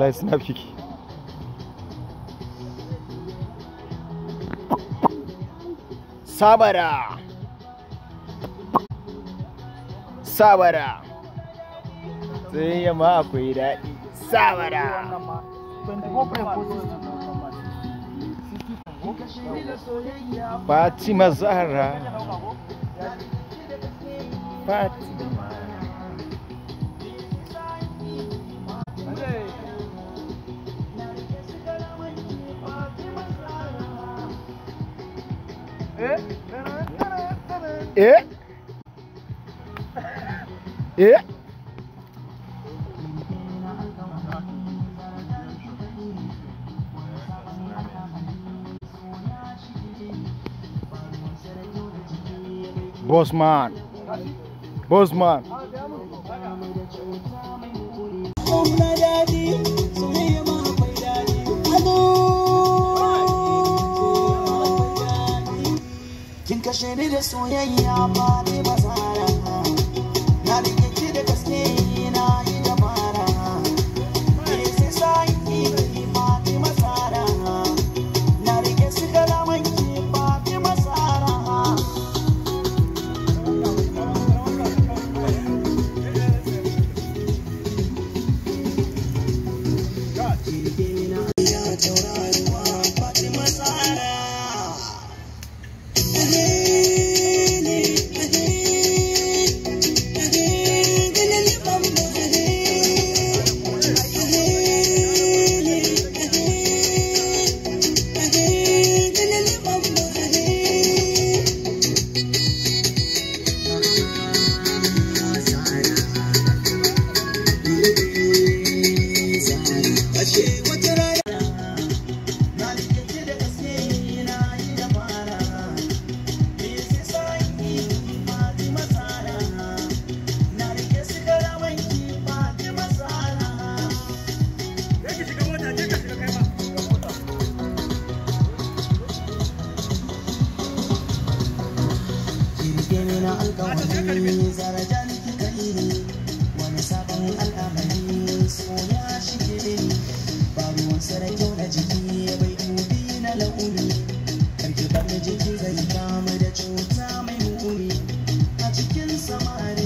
ya snap kiki sabara sabara sai ma akwai daɗi sabara Fatima Zahra Fatima Eh? eh? Eh? Eh? Bosman. Bosman. kashe da soyayya ba ne ba alkawari zarajen ka iri wani sabon al'amari soya shi ke iri ba da kyau na jiki bai dubi na launi karki bar jiki zai kamu da cuta mai muni a cikin samari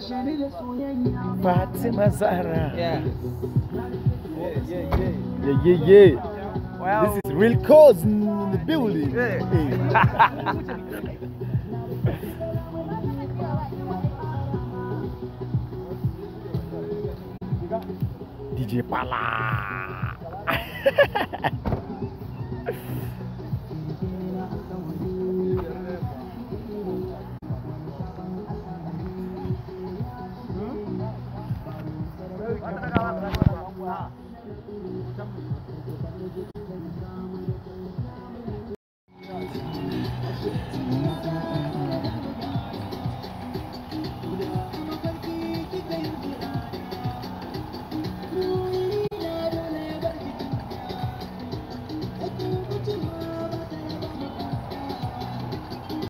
Fatima Zahra. Yeah. Yeah, yeah, yeah. Yeah, yeah, Wow. This is real cause in the building. Yeah. DJ Palá. Thank you.